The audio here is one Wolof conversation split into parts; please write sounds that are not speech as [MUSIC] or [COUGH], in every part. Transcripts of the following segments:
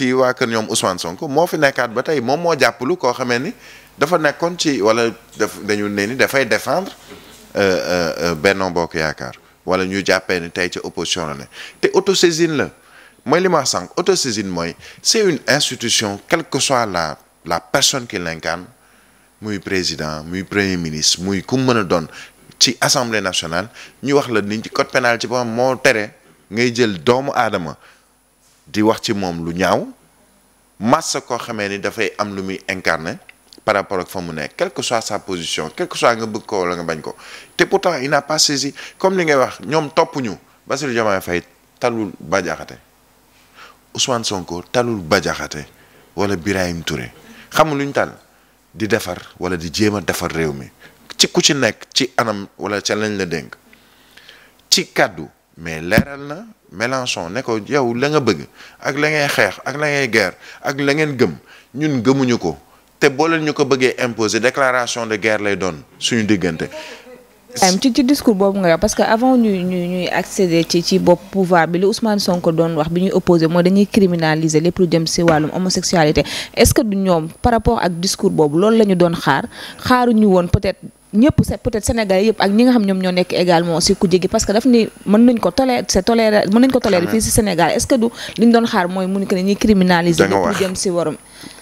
ci waa kër ñoom Ousmane sonk moo fi nekkaat ba tey moom moo jàppalu koo xamee ni dafa nekkoon ci wala daf dañu ne ni dafay défendre euh, euh, euh, Benno Bokk Yaakaar wala ñuy jàppee ni tey ci opposition la ne te autosaisine la mooy li ma wax sànq autosaisine mooy c'est une institution quelle que soit la la personne qui l'incarne muy président muy premier ministre muy ku mën a doon ci assemblée nationale ñu wax la ni ci code pénal ci boppam moo tere ngay jël doomu aadama di wax ci moom lu ñaaw massa koo xamee ni dafay am lu muy incarné par rapport ak fa mu nekk quelle que soit sa position quelle soit nga bëgg ko wala nga bañ ko te pourtant il n'a pas saisi comme li ngay wax ñoom toppuñu Bassirou Diomaye Faye talul Bah Diakhaté Ousmane Sonko talul Bah Diakhaté wala Birahim Touré xamul luñ tal di defar wala di jéem a defar réew mi ci ku ci nekk ci anam wala ca lañ la dénk ci kàddu mais leeral na Mélenchon ne ko yow la nga bëgg ak la ngay xeex ak la ngay ak la ngeen gëm ñun gëmuñu ko te boo ñu ko bëggee imposer déclaration de guerre lay doon suñu diggante. ci ci discours boobu nga wax parce que avant ñuy ñuy ñuy accéder ci ci bopp pouvoir bi li Ousmane Sonko doon wax bi ñuy opposé mooy dañuy criminaliser lépp lu jëm si wàllum homosexualité est-ce que du ñoom par rapport ak discours boobu loolu lañu doon xaar xaaruñu woon peut-être. ñëpp c'est peut-être sénégalais yëpp ak ñi nga xam ñoom ñoo nekk également si ku jege parce que daf ni mën nañ ko tolé c'est toléré mën nañ ko toléré fii si Sénégal est-ce que du li ñu doon xaar mooy mu ni que ne ñuy criminaliser lépp jëm si waram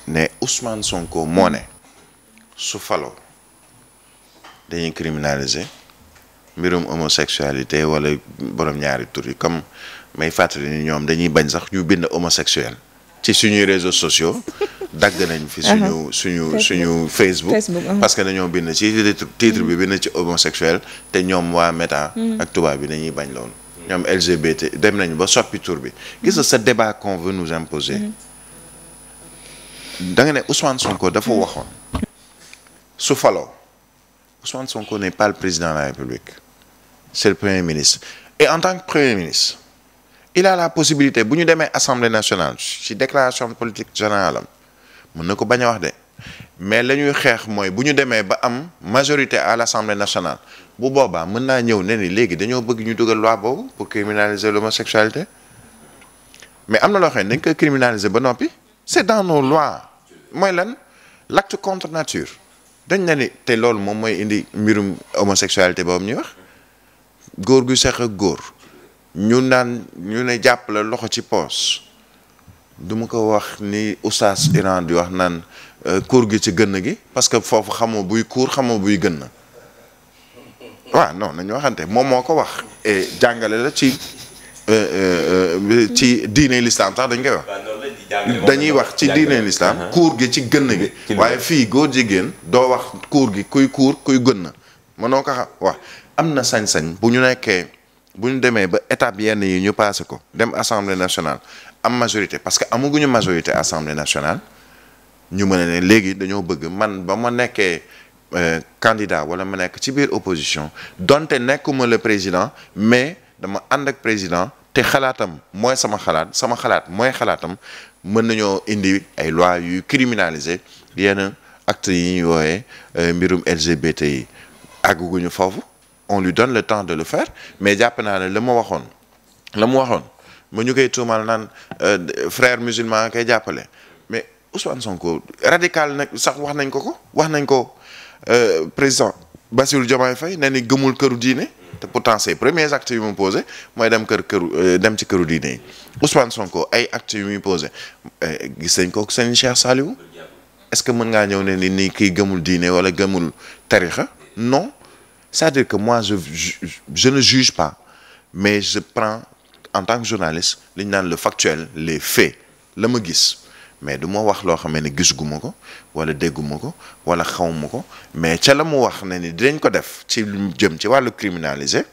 ne Ousmane Sonko mbirum homosexualité wala borom ñaari tur yi comme may fàttali ni ñoom dañuy bañ sax ñu bind homosexuel ci suñuy réseaux sociaux [LAUGHS] dagg nañ fi suñu suñu suñu Facebook parce que nañoo bind ci titre bi mhm. bind ci homosexuel te ñoom waa méta mhm. ak tubaab bi dañuy bañ loolu ñoom LGBT dem nañ ba soppi tur bi mhm. gis nga ce débat qu'on veut nous imposer da nga ne Ousmane Sonko dafa waxoon su faloo son Sonko ne pas le président de la République c'est le premier ministre et en tant que premier ministre il a la possibilité bu ñu demee assemblée nationale ci déclaration politique générale am mën na ko bañ a wax de mais la ñuy xeex mooy bu ñu demee ba am majorité à l'Assemblée national bu boobaa mën naa ñëw ne ni léegi dañoo bëgg ñu dugal loi boobu pour criminaliser l'homosexualité mais am na loo xam ne dañ koy criminaliser ba noppi c'est dans nos lois mooy lan lakk contre nature dañ na ni te loolu moom mooy indi mbirum homosexualité boobu ñuy wax góor gu seq góor ñu naan ñu ne jàpp la loxo ci poos duma ko wax ni oustaz Iran di wax naan euh, kuur gi ci gën gi parce que foofu xamoo buy kuur xamoo buy gën waaw non nañu waxante moom moo ko wax et jàngale la ci euh, euh, ci diine l'islam sax dañ koy wax dañuy wax ci diine l'islam kuur gi ci gën gi waaye fii góor jigéen doo wax kuur gi kuy kuur kuy gën na mënoo ko xam wax am na sañ-sañ bu ñu nekkee bu ñu demee ba étape yenn yi ñu passé ko dem assemblée nationale am majorité parce que amaguñu majorité assemblée nationale ñu mën a ne léegi dañoo bëgg man ba ma nekkee euh, candidat wala ma nekk ci biir opposition donte nekkuma le président mais dama ànd ak président te xalaatam mooy sama xalaat sama xalaat mooy xalaatam mën nañoo indi ay loi yu criminaliser yenn actes yi ñuy wooyee euh, mbirum LGBT yi àgguguñu foofu on lui donne le temps de le faire mais jàpp naa ne la ma waxoon la mu waxoon ma ñu koy tuumaal naan euh, frère musulman koy jàppale mais Ousmane Sonko radical nag sax wax nañ ko ko wax nañ ko euh, président Bassirou Diomaye fay ne ni gëmul këru diine te pourtant ses premiers actes yu mu posé mooy dem kër këru euh, dem ci këru diine yi Ousmane Sonko ay actes yu muy posé gis nañ ko seen Cheikh Saliou est que mën ngaa ñëw ne ni nii kii gëmul diine wala gëmul tarixa non c'est-à-dire que moi je je ne juge pas mais je prends en tant que journaliste li ñu naan le factuel les faits la ma gis mais du ma wax loo xamee ne gisguma ko wala dégguma ko wala xawma ko mais ca la mu wax ne ni dinañ ko def ci lu jëm ci wàllu criminalisé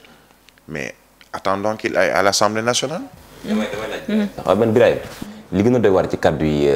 mais attendons qu'il aille à l'Assemblée nationale. damay damay laaj. waaw li gën a doy waar ci kàddu yi